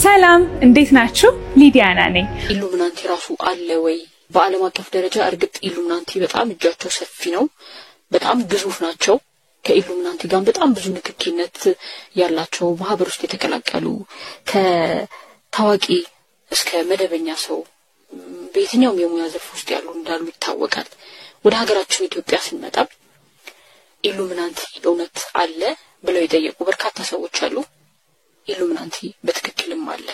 ሰላም እንዴት ናችሁ? ሊዲያና ነኝ። ኢሉምናንቲ ራሱ አለ ወይ? በዓለም አቀፍ ደረጃ እርግጥ ኢሉምናንቲ በጣም እጃቸው ሰፊ ነው፣ በጣም ግዙፍ ናቸው። ከኢሉምናንቲ ጋር በጣም ብዙ ንክኪነት ያላቸው ማህበር ውስጥ የተቀላቀሉ ከታዋቂ እስከ መደበኛ ሰው በየትኛውም የሙያ ዘርፍ ውስጥ ያሉ እንዳሉ ይታወቃል። ወደ ሀገራችን ኢትዮጵያ ስንመጣም ኢሉምናንቲ እውነት አለ ብለው የጠየቁ በርካታ ሰዎች አሉ። ኢሉምናንቲ በትክክል አለ